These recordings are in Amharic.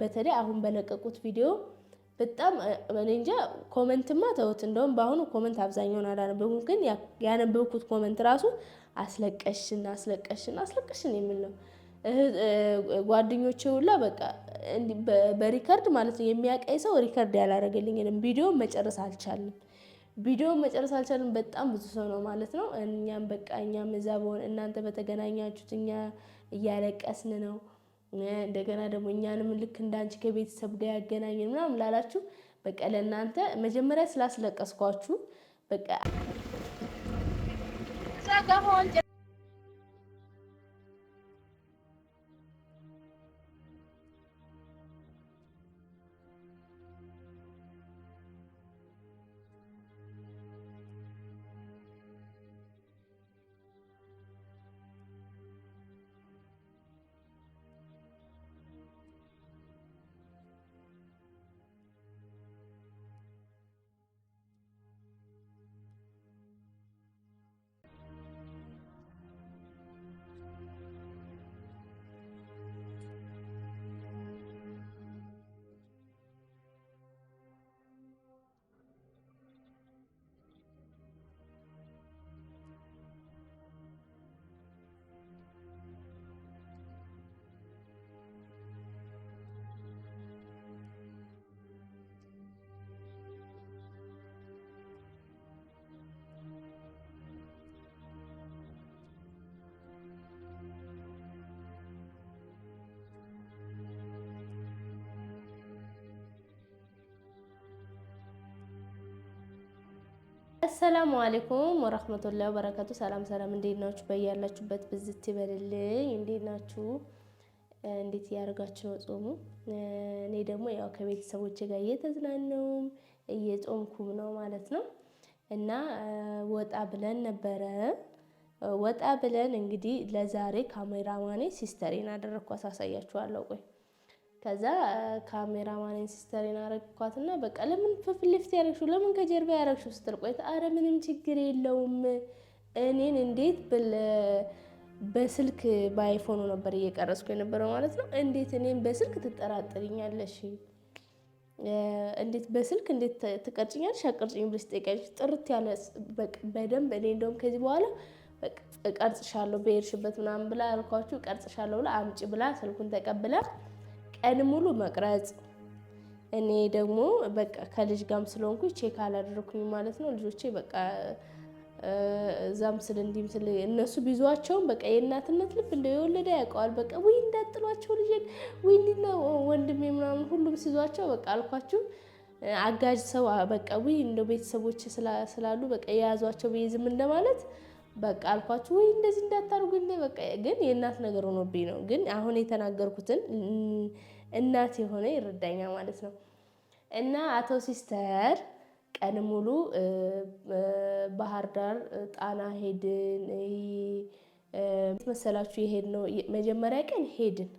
በተለይ አሁን በለቀቁት ቪዲዮ በጣም እኔ እንጃ ኮመንትማ ተውት። እንደውም በአሁኑ ኮመንት አብዛኛውን አላነበብኩም፣ ግን ያነበብኩት ኮመንት ራሱ አስለቀሽን አስለቀሽን አስለቀሽን የሚል ነው። ጓደኞቼ ሁላ በቃ በሪከርድ ማለት ነው የሚያቀይ ሰው ሪከርድ ያላደረገልኝንም ቪዲዮ መጨረስ አልቻልም። ቪዲዮ መጨረስ አልቻልም። በጣም ብዙ ሰው ነው ማለት ነው። እኛም በቃ እኛም እዛ በሆን እናንተ በተገናኛችሁት እኛ እያለቀስን ነው እንደገና ደግሞ እኛንም ልክ እንዳንቺ ከቤተሰብ ጋር ያገናኘን ምናምን ላላችሁ በቃ ለእናንተ መጀመሪያ ስላስለቀስኳችሁ በቃ አሰላሙ አሌይኩም ወረህመቱላ በረከቱ። ሰላም ሰላም፣ እንዴት ናችሁ? በያላችሁበት ብዝት ይበልልኝ። እንዴት ናችሁ? እንዴት እያደረጋችሁ ነው ጾሙ? እኔ ደግሞ ያው ከቤተሰቦች ጋር እየተዝናነውም እየጾምኩም ነው ማለት ነው። እና ወጣ ብለን ነበረ ወጣ ብለን እንግዲህ ለዛሬ ካሜራማኔ ሲስተሬን አደረግኩ አሳሳያችኋለሁ። ቆይ ከዛ ካሜራማኔን ሲስተሬን እና በቃ ለምን ፊት ያረግሹ ለምን ከጀርባ ያረግሹ ስትል ቆይት፣ አረ ምንም ችግር የለውም እኔን እንዴት በስልክ በአይፎኑ ነበር እየቀረስኩ የነበረው ማለት ነው። እንዴት እኔን በስልክ ትጠራጥርኛለሽ? እንዴት በስልክ እንዴት ትቀርጭኛለሽ? አቀርጭኝ ብለሽ ጠይቃለሽ። ጥርት ያለ በደንብ እኔ እንደውም ከዚህ በኋላ እቀርጽሻለሁ በሄድሽበት ምናምን ብላ አልኳችሁ። እቀርጽሻለሁ ብላ አምጪ ብላ ስልኩን ተቀብላ ቀን ሙሉ መቅረጽ። እኔ ደግሞ በቃ ከልጅ ጋም ስለሆንኩ ቼክ አላደረኩኝ ማለት ነው። ልጆቼ በቃ እዛም ስል እንዲህም ስል እነሱ ቢዟቸውም በቃ የእናትነት ልብ እንደ የወለደ ያውቀዋል። በቃ ወይ እንዳጥሏቸው ልጅ ወይ እንዲና ወንድሜ ምናምን ሁሉም ሲዟቸው በቃ አልኳችሁ አጋዥ ሰው በቃ ወይ እንደ ቤተሰቦች ስላሉ በቃ የያዟቸው ብዬ ዝም እንደማለት በቃ አልኳችሁ ወይ እንደዚህ እንዳታርጉኝ። በቃ ግን የእናት ነገር ሆኖብኝ ነው። ግን አሁን የተናገርኩትን እናት የሆነ ይረዳኛ ማለት ነው። እና አቶ ሲስተር ቀን ሙሉ ባህር ዳር ጣና ሄድን። መሰላችሁ የሄድ ነው መጀመሪያ ቀን ሄድን፣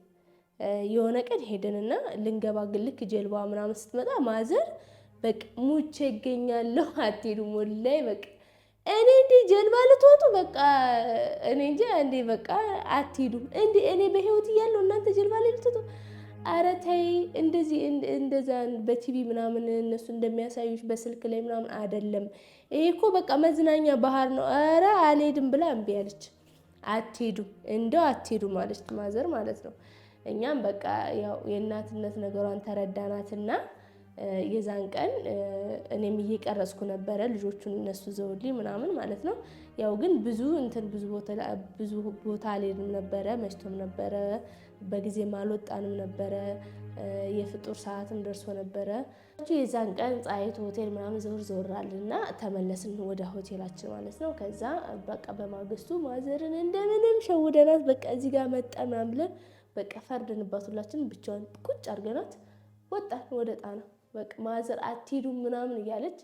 የሆነ ቀን ሄድን እና ልንገባ ግልክ ጀልባ ምናምን ስትመጣ ማዘር በቃ ሙቼ ይገኛለሁ አትሄዱም ወላሂ በቃ እኔ እንዲ ጀልባ ልትወጡ በቃ እኔ እንጂ እንዲ በቃ አትሄዱም። እንዲ እኔ በህይወት እያለሁ እናንተ ጀልባ ላይ ልትወጡ? አረ ተይ፣ እንደዚህ እንደዛ በቲቪ ምናምን እነሱ እንደሚያሳዩች በስልክ ላይ ምናምን አይደለም። ይሄ እኮ በቃ መዝናኛ ባህር ነው። አረ አልሄድም ብላ እምቢ አለች። አትሄዱም፣ እንደው አትሄዱም አለች ማዘር ማለት ነው። እኛም በቃ ያው የእናትነት ነገሯን ተረዳናትና የዛን ቀን እኔም እየቀረጽኩ ነበረ ልጆቹን እነሱ ዘውልኝ ምናምን ማለት ነው። ያው ግን ብዙ እንትን ብዙ ቦታ አልሄድም ነበረ፣ መችቶም ነበረ፣ በጊዜም አልወጣንም ነበረ። የፍጡር ሰዓትም ደርሶ ነበረ። የዛን ቀን ፀሐይቱ ሆቴል ምናምን ዘውር ዘውራል እና ተመለስን ወደ ሆቴላችን ማለት ነው። ከዛ በቃ በማግስቱ ማዘርን እንደምንም ሸውደናት በቃ እዚህ ጋር መጣ ምናምን ብለን በቃ ፈርድንባት ሁላችን ብቻዋን ቁጭ አድርገናት ወጣን ወደ ጣና በቃ ማዘር አትሂዱ ምናምን እያለች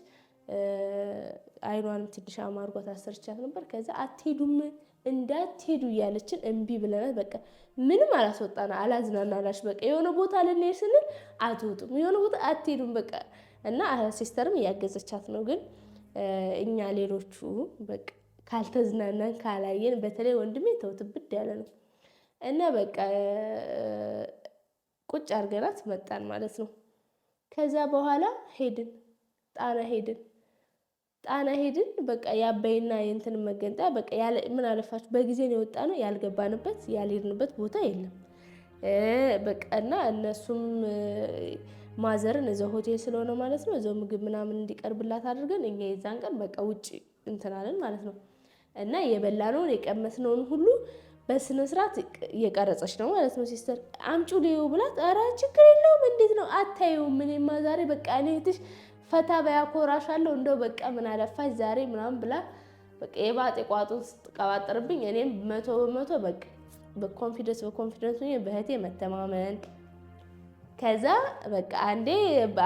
አይኗንም ትንሽ አማርጓት አሰርቻት ነበር። ከዛ አትሄዱም እንዳትሄዱ እያለችን እምቢ ብለናት በቃ ምንም አላስወጣን አላዝናናላች። በቃ የሆነ ቦታ ልንሄድ ስንል አትወጡም፣ የሆነ ቦታ አትሄዱም በቃ እና ሲስተርም እያገዘቻት ነው። ግን እኛ ሌሎቹ በቃ ካልተዝናናን ካላየን፣ በተለይ ወንድሜ ተውትብድ ያለ ነው እና በቃ ቁጭ አድርገናት መጣን ማለት ነው። ከዛ በኋላ ሄድን ጣና ሄድን ጣና ሄድን። በቃ የአባይና የእንትን መገንጠያ በቃ ያለ ምን አለፋችሁ በጊዜ ነው የወጣ ነው ያልገባንበት ያልሄድንበት ቦታ የለም። በቃ እና እነሱም ማዘርን እዛው ሆቴል ስለሆነ ማለት ነው እዛው ምግብ ምናምን እንዲቀርብላት አድርገን እኛ የዛን ቀን በቃ ውጭ እንትናለን ማለት ነው እና የበላነውን የቀመስነውን ሁሉ በስነ ስርዓት እየቀረጸች ነው ማለት ነው። ሲስተር አምጪው ልዩ ብላት፣ ኧረ ችግር የለውም እንዴት ነው አታየውም እኔማ ዛሬ በቃ እኔ እህትሽ ፈታ በያኮራሻለሁ እንደው በቃ ምን አለፋች ዛሬ ምናምን ብላ በቃ የባጤ ቋጡን ስትቀባጥርብኝ እኔም መቶ በመቶ በቃ በኮንፊደንስ በኮንፊደንስ በእህቴ መተማመን ከዛ በቃ አንዴ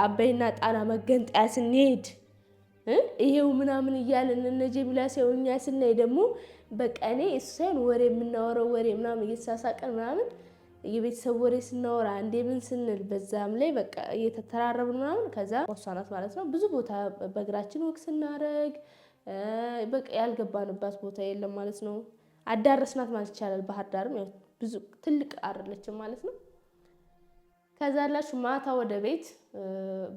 አበይና ጣና መገንጠያ ስንሄድ ይሄው ምናምን እያልን እነ ጀሚላ ሲሆኛ ስናይ ደግሞ በቃ እኔ እሱ ሳይሆን ወሬ የምናወረው ወሬ ምናምን እየተሳሳቀን ምናምን የቤተሰብ ወሬ ስናወራ እንዴ ምን ስንል በዛም ላይ በቃ እየተተራረብን ምናምን ከዛ እሷ ናት ማለት ነው። ብዙ ቦታ በእግራችን ወቅ ስናደረግ በቃ ያልገባንባት ቦታ የለም ማለት ነው። አዳረስናት ማለት ይቻላል። ባህር ዳርም ያው ብዙ ትልቅ አይደለችም ማለት ነው። ከዛ ያላችሁ ማታ ወደ ቤት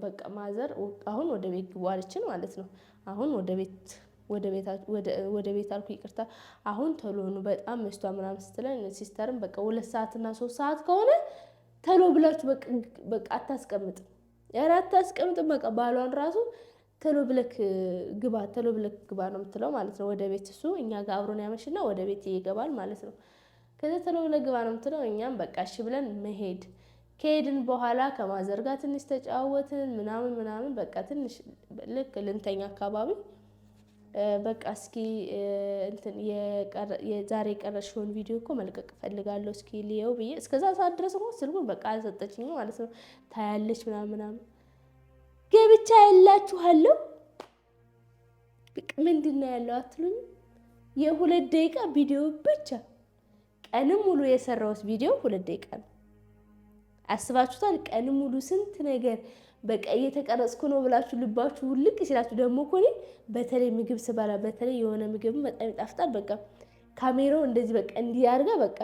በቃ ማዘር አሁን ወደ ቤት ግቡ አለችን ማለት ነው። አሁን ወደ ቤት ወደ ቤት አልኩ ይቅርታ፣ አሁን ተሎ በጣም ስቷ ምናምን ስትለን ሲስተርም በቃ ሁለት ሰዓት ሶስት ሰዓት ከሆነ ተሎ ብላችሁ በቃ አታስቀምጥም፣ ኧረ አታስቀምጥም። በቃ ባሏን ራሱ ተሎ ብለክ ግባ፣ ተሎ ብለክ ግባ ነው የምትለው ማለት ነው። ወደ ቤት እሱ እኛ ጋር አብሮን ያመሽና ወደ ቤት ይገባል ማለት ነው። ከዚ ተሎ ብለ ግባ ነው የምትለው። እኛም በቃ እሺ ብለን መሄድ ከሄድን በኋላ ከማዘርጋ ትንሽ ተጫወትን ምናምን ምናምን በቃ ትንሽ ልክ ልንተኛ አካባቢ በቃ እስኪ የዛሬ የቀረሽውን ቪዲዮ እኮ መልቀቅ እፈልጋለሁ እስኪ ልየው ብዬ እስከዛ ሰዓት ድረስ እኮ ስልኩን በቃ አልሰጠችኝ ማለት ነው። ታያለች ምናምን ምናምን ገብቻ ያላችኋለሁ ምንድን ነው ያለው አትሉኝ። የሁለት ደቂቃ ቪዲዮ ብቻ ቀንም ሙሉ የሰራሁት ቪዲዮ ሁለት ደቂቃ ነው። አስባችሁታል? ቀንም ሙሉ ስንት ነገር በቃ እየተቀረጽኩ ነው ብላችሁ ልባችሁ ውልቅ ሲላችሁ ደግሞ እኮ እኔ በተለይ ምግብ ስበላ በተለይ የሆነ ምግብ በጣም ይጣፍጣል። በቃ ካሜራው እንደዚህ በቃ እንዲህ አድርጋ በቃ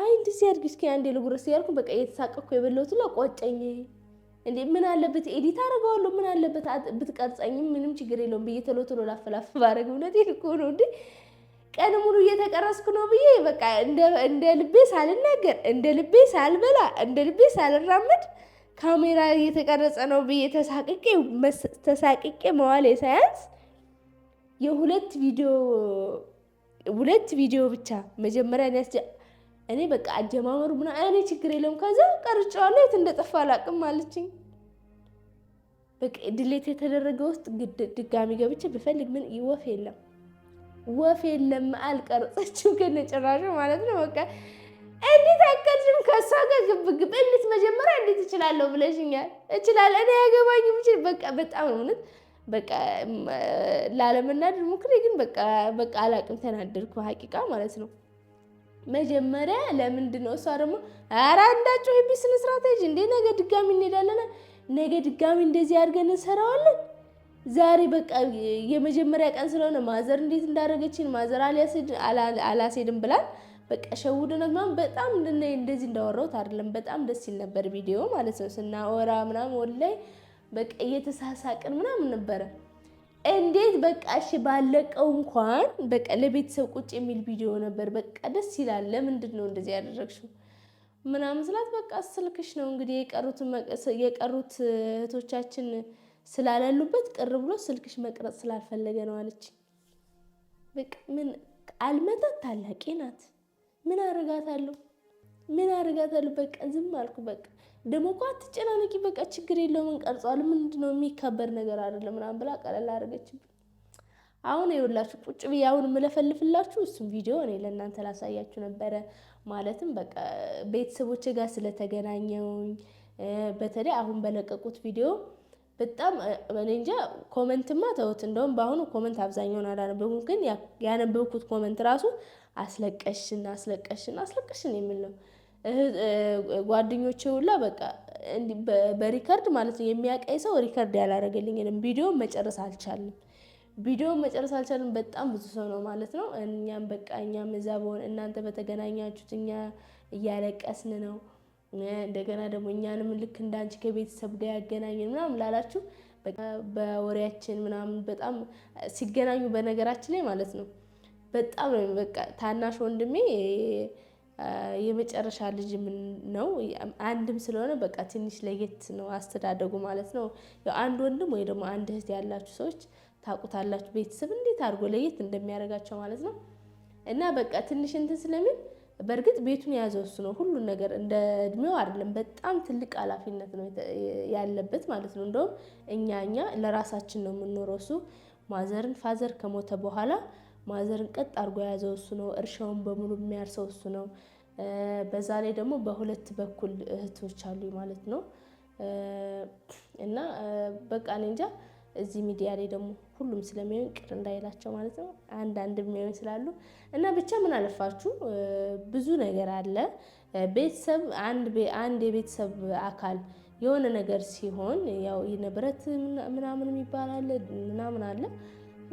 አይ እንደዚህ አድርጊ እስኪ አንዴ ልጉረስ እያልኩ በቃ እየተሳቀኩ የበለሁት ላ ቆጨኝ። እንዴ ምን አለበት ኤዲት አደርገዋለሁ፣ ምን አለበት ብትቀርጸኝም ምንም ችግር የለውም ብዬ ቶሎ ቶሎ ላፈላፍ ባረግ እውነቴን እኮ ነው እንዴ ቀን ሙሉ እየተቀረስኩ ነው ብዬ በቃ እንደ ልቤ ሳልናገር እንደ ልቤ ሳልበላ እንደ ልቤ ሳልራመድ ካሜራ እየተቀረጸ ነው ብዬ ተሳቅቄ መዋል ሳያንስ የሁለት ቪዲዮ ሁለት ቪዲዮ ብቻ መጀመሪያ ያስ እኔ በቃ አጀማመሩ ምና እኔ ችግር የለውም ከዛ ቀርጫዋለሁ የት እንደጠፋ አላቅም አለችኝ። በቃ ድሌት የተደረገ ውስጥ ድጋሚ ገብቼ ብፈልግ ምን ወፍ የለም ወፍ የለም አልቀረጸችው ከነጭራሹ ማለት ነው በቃ እንዴት አይቀልሽም? ከእሷ ጋር ግብግብ እንዴት መጀመሪያ እንዴት እችላለሁ ብለሽኛል። እችላለሁ እኔ ያገባኝ ምችል በቃ በጣም እውነት በቃ ላለመናደድ ሞክሬ፣ ግን በቃ በቃ አላቅም ተናደድኩ። ሀቂቃ ማለት ነው። መጀመሪያ ለምንድን ነው እሷ ደግሞ አራ እንዳቸው ሄቢ ስነ ስርዓት እንዴ ነገ ድጋሚ እንሄዳለን፣ ነገ ድጋሚ እንደዚህ አድርገን እንሰራዋለን። ዛሬ በቃ የመጀመሪያ ቀን ስለሆነ ማዘር እንዴት እንዳደረገችን ማዘር አላስሄድም ብላል በቃ ሸውደናል ምናምን በጣም እንደዚህ እንዳወራሁት አይደለም። በጣም ደስ ይል ነበር ቪዲዮ ማለት ነው ስናወራ ምናምን ወላይ በቃ እየተሳሳቅን ምናምን ነበረ። እንዴት በቃ እሺ ባለቀው እንኳን በቃ ለቤተሰብ ቁጭ የሚል ቪዲዮ ነበር። በቃ ደስ ይላል። ለምንድን ነው እንደዚህ ያደረግሽው ምናምን ስላት በቃ ስልክሽ ነው እንግዲህ የቀሩት እህቶቻችን ስላላሉበት ቅር ብሎ ስልክሽ መቅረጽ ስላልፈለገ ነው አለች። በቃ ምን አልመጣት ታላቂ ናት። ምን አረጋታለሁ? ምን አረጋታለሁ? በቃ ዝም አልኩ። በቃ ደግሞ እኮ አትጨናነቂ፣ በቃ ችግር የለውም እንቀርጸዋል፣ ምንድነው የሚከበር ነገር አይደለም ምናምን ብላ ቀለል አደረገችብኝ። አሁን ይኸውላችሁ ቁጭ ብዬ አሁን የምለፈልፍላችሁ እሱም ቪዲዮ እኔ ለእናንተ ላሳያችሁ ነበረ። ማለትም በቃ ቤተሰቦች ጋር ስለተገናኘውኝ በተለይ አሁን በለቀቁት ቪዲዮ በጣም እኔ እንጃ። ኮመንትማ ተውት። እንደውም በአሁኑ ኮመንት አብዛኛውን አላነበብኩም፣ ግን ያነበብኩት ኮመንት ራሱ አስለቀሽን አስለቀሽን አስለቀሽን የሚል ነው። ጓደኞቼ ሁላ በቃ በሪከርድ ማለት ነው የሚያቀይ ሰው ሪከርድ ያላረገልኝንም ቪዲዮ መጨረስ አልቻልም። ቪዲዮ መጨረስ አልቻልም። በጣም ብዙ ሰው ነው ማለት ነው። እኛም በቃ እኛም እዛ በሆን እናንተ በተገናኛችሁት እኛ እያለቀስን ነው እንደገና ደግሞ እኛንም ልክ እንዳንቺ ከቤተሰብ ጋር ያገናኘን ምናምን ላላችሁ በወሬያችን ምናምን በጣም ሲገናኙ በነገራችን ላይ ማለት ነው በጣም ነው በቃ ታናሽ ወንድሜ የመጨረሻ ልጅም ነው አንድም ስለሆነ በቃ ትንሽ ለየት ነው አስተዳደጉ ማለት ነው። ያው አንድ ወንድም ወይ ደግሞ አንድ እህት ያላችሁ ሰዎች ታውቁታላችሁ ቤተሰብ እንዴት አድርጎ ለየት እንደሚያደርጋቸው ማለት ነው። እና በቃ ትንሽ እንትን ስለሚል በእርግጥ ቤቱን የያዘው እሱ ነው። ሁሉን ነገር እንደ እድሜው አይደለም። በጣም ትልቅ ኃላፊነት ነው ያለበት ማለት ነው። እንደውም እኛ እኛ ለራሳችን ነው የምንኖረው። እሱ ማዘርን ፋዘር ከሞተ በኋላ ማዘርን ቀጥ አድርጎ የያዘው እሱ ነው። እርሻውን በሙሉ የሚያርሰው እሱ ነው። በዛ ላይ ደግሞ በሁለት በኩል እህቶች አሉ ማለት ነው እና በቃ እኔ እንጃ እዚህ ሚዲያ ላይ ደግሞ ሁሉም ስለሚያዩን ቅር እንዳይላቸው ማለት ነው። አንዳንድ የሚያዩን ስላሉ እና ብቻ ምን አለፋችሁ ብዙ ነገር አለ። ቤተሰብ አንድ የቤተሰብ አካል የሆነ ነገር ሲሆን ያው ንብረት ምናምን ይባላል ምናምን አለ።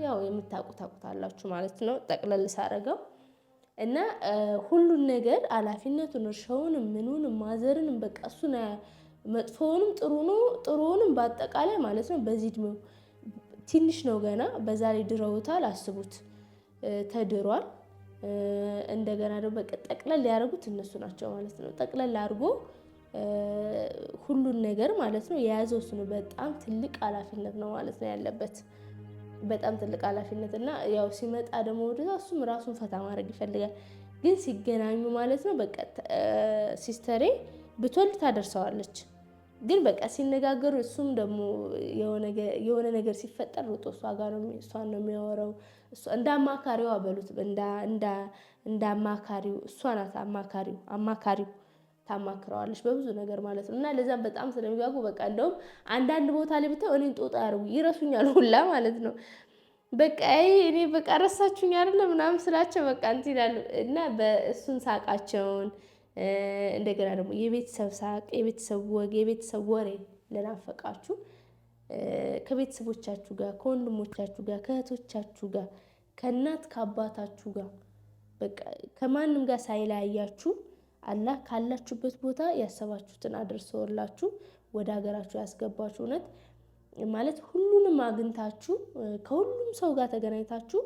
ያው የምታውቁት አላችሁ ማለት ነው ጠቅለል ሳረገው እና ሁሉን ነገር ኃላፊነቱን እርሻውን ምኑን ማዘርን በቃ እሱን መጥፎውንም ጥሩ ነው ጥሩውንም በአጠቃላይ ማለት ነው። በዚህ እድሜው ትንሽ ነው ገና፣ በዛ ላይ ድረውታል። አስቡት ተድሯል። እንደገና ደግሞ በቃ ጠቅለል ያደረጉት እነሱ ናቸው ማለት ነው። ጠቅለል አድርጎ ሁሉን ነገር ማለት ነው የያዘው እሱ ነው። በጣም ትልቅ ኃላፊነት ነው ማለት ነው ያለበት በጣም ትልቅ ኃላፊነት እና ያው ሲመጣ ደግሞ ወደዛ እሱም ራሱን ፈታ ማድረግ ይፈልጋል። ግን ሲገናኙ ማለት ነው በቃ ሲስተሬ ብትወልድ ታደርሰዋለች። ግን በቃ ሲነጋገሩ እሱም ደግሞ የሆነ ነገር ሲፈጠር ሮጦ እሷ ጋር እሷን ነው የሚያወራው። እንደ አማካሪው አበሉት እንደ አማካሪው እሷ ናት አማካሪው አማካሪው ታማክረዋለች በብዙ ነገር ማለት ነው። እና ለዛም በጣም ስለሚጓጉ በቃ እንደውም አንዳንድ ቦታ ላይ ብታው እኔን ጦጣ ያርጉ ይረሱኛል ሁላ ማለት ነው። በቃ እኔ በቃ ረሳችሁኝ አይደለ ምናምን ስላቸው በቃ እንትን ይላሉ እና በእሱን ሳቃቸውን እንደገና ደግሞ የቤተሰብ ሳቅ፣ የቤተሰብ ወግ፣ የቤተሰብ ወሬ ለናፈቃችሁ ከቤተሰቦቻችሁ ጋር ከወንድሞቻችሁ ጋር ከእህቶቻችሁ ጋር ከእናት ከአባታችሁ ጋር በቃ ከማንም ጋር ሳይለያያችሁ አላህ ካላችሁበት ቦታ ያሰባችሁትን አድርሰውላችሁ ወደ ሀገራችሁ ያስገባችሁ። እውነት ማለት ሁሉንም አግኝታችሁ ከሁሉም ሰው ጋር ተገናኝታችሁ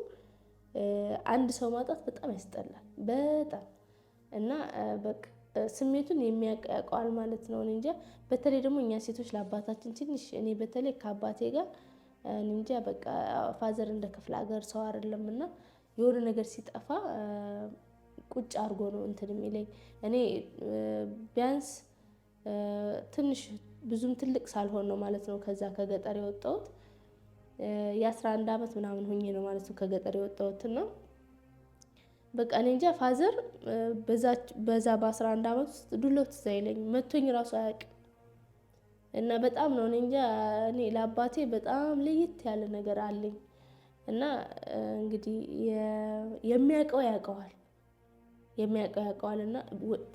አንድ ሰው ማጣት በጣም ያስጠላል። በጣም እና ስሜቱን የሚያውቀዋል ማለት ነው። እንጃ በተለይ ደግሞ እኛ ሴቶች ለአባታችን ትንሽ እኔ በተለይ ከአባቴ ጋር እንጃ በቃ ፋዘር እንደ ክፍለ ሀገር ሰው አይደለም እና የሆነ ነገር ሲጠፋ ቁጭ አድርጎ ነው እንትን የሚለኝ። እኔ ቢያንስ ትንሽ ብዙም ትልቅ ሳልሆን ነው ማለት ነው ከዛ ከገጠር የወጣሁት የአስራ አንድ አመት ምናምን ሆኜ ነው ማለት ነው ከገጠር የወጣሁትና በቃ እኔ እንጃ ፋዘር በዛ በአስራ አንድ አመት ውስጥ ዱሎት እዛ ይለኝ መቶኝ ራሱ አያውቅም። እና በጣም ነው እኔ እንጃ እኔ ለአባቴ በጣም ለየት ያለ ነገር አለኝ። እና እንግዲህ የሚያውቀው ያውቀዋል የሚያውቀው ያውቀዋል። እና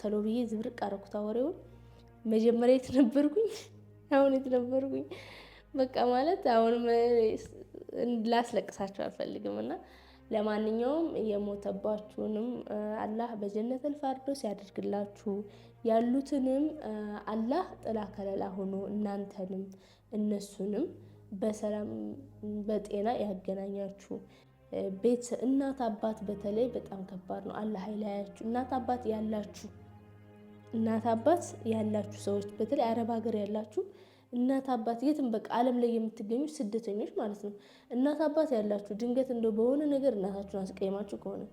ተሎ ብዬ ዝብርቅ አረኩታ ወሬውን መጀመሪያ የት ነበርኩኝ? አሁን የት ነበርኩኝ? በቃ ማለት አሁን ላስለቅሳቸው አልፈልግም እና ለማንኛውም የሞተባችሁንም አላህ በጀነት ፊርደውስ ያደርግላችሁ፣ ያሉትንም አላህ ጥላ ከለላ ሆኖ እናንተንም እነሱንም በሰላም በጤና ያገናኛችሁ። ቤት እናት አባት በተለይ በጣም ከባድ ነው። አላህ አይለያችሁ። እናት አባት ያላችሁ እናት አባት ያላችሁ ሰዎች በተለይ አረብ ሀገር ያላችሁ እናት አባት የትም በቃ ዓለም ላይ የምትገኙ ስደተኞች ማለት ነው። እናት አባት ያላችሁ ድንገት እንደው በሆነ ነገር እናታችሁን አስቀይማችሁ ከሆነ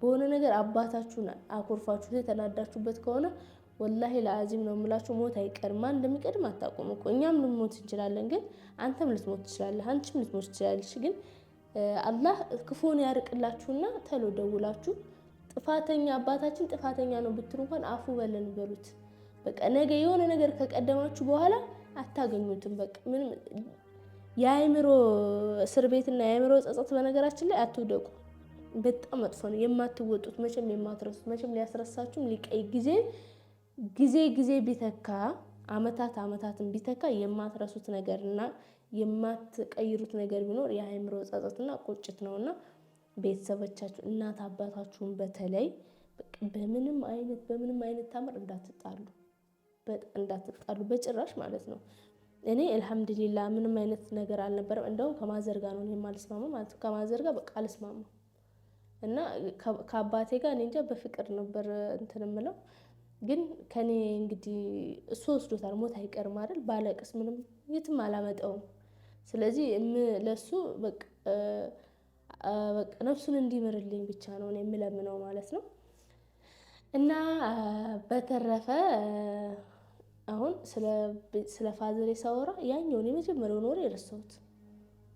በሆነ ነገር አባታችሁን አኮርፋችሁ የተናዳችሁበት ከሆነ ወላሂ ለአዚም ነው የምላችሁ፣ ሞት አይቀርም። ማን እንደሚቀድም አታውቁም እኮ እኛም ልንሞት እንችላለን፣ ግን አንተም ልትሞት ትችላለህ፣ አንቺም ልትሞት ትችላለች። ግን አላህ ክፉን ያርቅላችሁና ተሎ ደውላችሁ ጥፋተኛ አባታችን ጥፋተኛ ነው ብትሉ እንኳን አፉ በለን በሉት። በቃ ነገ የሆነ ነገር ከቀደማችሁ በኋላ አታገኙትም። በቃ ምንም የአእምሮ እስር ቤትና የአእምሮ ጸጸት፣ በነገራችን ላይ አትውደቁ። በጣም መጥፎ ነው። የማትወጡት መቼም የማትረሱት መቼም ሊያስረሳችሁም ሊቀይ ጊዜ ጊዜ ጊዜ ቢተካ አመታት አመታትን ቢተካ የማትረሱት ነገርና የማትቀይሩት ነገር ቢኖር የአእምሮ ጸጸትና ቁጭት ነውና ቤተሰቦቻችሁ እናት አባታችሁን በተለይ በምንም አይነት በምንም አይነት ታምር እንዳትጣሉ። እንዳትጣሉ በጭራሽ ማለት ነው። እኔ አልሐምዱሊላ ምንም አይነት ነገር አልነበረም። እንደውም ከማዘርጋ ነው እኔ የማልስማማ ማለት ነው። ከማዘርጋ በቃ አልስማማ እና ከአባቴ ጋር እኔ እንጃ በፍቅር ነበር እንትን የምለው ግን ከኔ እንግዲህ እሱ ወስዶታል። ሞት አይቀርም አይደል? ባለቅስ ምንም የትም አላመጠውም ስለዚህ ለሱ ነፍሱን እንዲምርልኝ ብቻ ነው የምለምነው ማለት ነው እና በተረፈ አሁን ስለ ፋዘሬ ሳወራ ያኛውን የመጀመሪያውን ወሬ የረሳሁት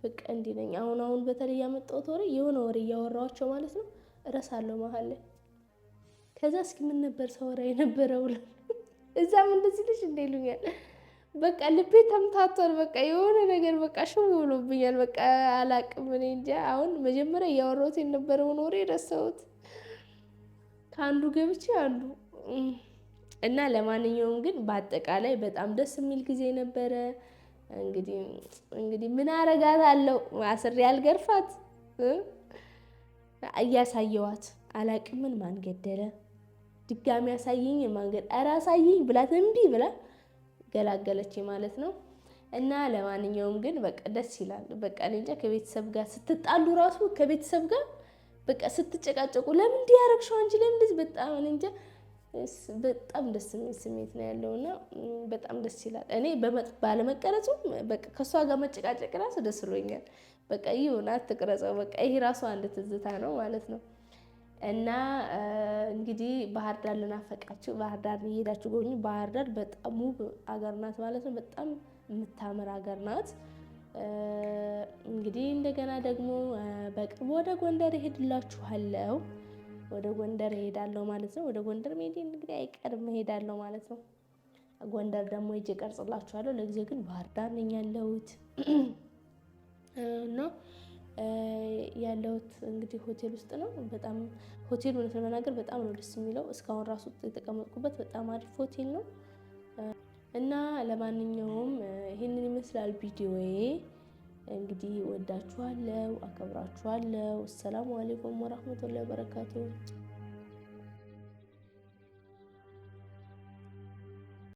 በቃ እንዲህ ነኝ። አሁን አሁን በተለይ ያመጣሁት ወሬ የሆነ ወሬ እያወራኋቸው ማለት ነው እረሳለሁ መሀል ላይ። ከዛ እስኪ ምን ነበር ሳወራ የነበረው እዛም እንደዚህ ልጅ እንደ ይሉኛል። በቃ ልቤ ተምታቷል። በቃ የሆነ ነገር በቃ ሽው ብሎብኛል። በቃ አላቅም እኔ እንጃ። አሁን መጀመሪያ እያወራሁት የነበረውን ወሬ ረሳሁት። ከአንዱ ገብቼ አንዱ እና ለማንኛውም ግን በአጠቃላይ በጣም ደስ የሚል ጊዜ ነበረ። እንግዲህ እንግዲህ ምን አረጋታለሁ አስሬ ያልገርፋት እያሳየዋት አላቅምን ማን ገደለ ድጋሚ አሳይኝ ማንገድ ኧረ አሳይኝ ብላት እምቢ ብላ ገላገለች ማለት ነው። እና ለማንኛውም ግን በቃ ደስ ይላል። በቃ እንጃ ከቤተሰብ ጋር ስትጣሉ ራሱ ከቤተሰብ ጋር በቃ ስትጨቃጨቁ ለምን እንዲህ ያረግሽው አንቺ ለምን በጣም እንጃ በጣም ደስ የሚል ስሜት ነው ያለው እና በጣም ደስ ይላል። እኔ ባለመቀረጹም ከእሷ ጋር መጨቃጨቅ ራሱ ደስ ብሎኛል። በቃ ይሁን አትቅረጸው፣ በቃ ይሄ ራሱ አንድ ትዝታ ነው ማለት ነው። እና እንግዲህ ባህር ዳር ልናፈቃችሁ፣ ባህር ዳር እየሄዳችሁ ጎብኙ። ባህር ዳር በጣም ውብ አገር ናት ማለት ነው። በጣም የምታምር አገር ናት። እንግዲህ እንደገና ደግሞ በቅርቡ ወደ ጎንደር እሄድላችኋለሁ። ወደ ጎንደር እሄዳለሁ ማለት ነው። ወደ ጎንደር መሄዴ እንግዲህ አይቀርም እሄዳለሁ ማለት ነው። ጎንደር ደግሞ ሄጄ ቀርጽላችኋለሁ። ለጊዜ ግን ባህር ዳር ነኝ ያለሁት እና ያለሁት እንግዲህ ሆቴል ውስጥ ነው። በጣም ሆቴል እውነት ለመናገር በጣም ነው ደስ የሚለው። እስካሁን ራሱ የተቀመጥኩበት በጣም አሪፍ ሆቴል ነው እና ለማንኛውም ይህንን ይመስላል ቪዲዮዬ። እንግዲህ ወዳችኋለሁ፣ አከብራችኋለሁ። አሰላሙ አሌይኩም ወራህመቱላሂ ወበረካቱ።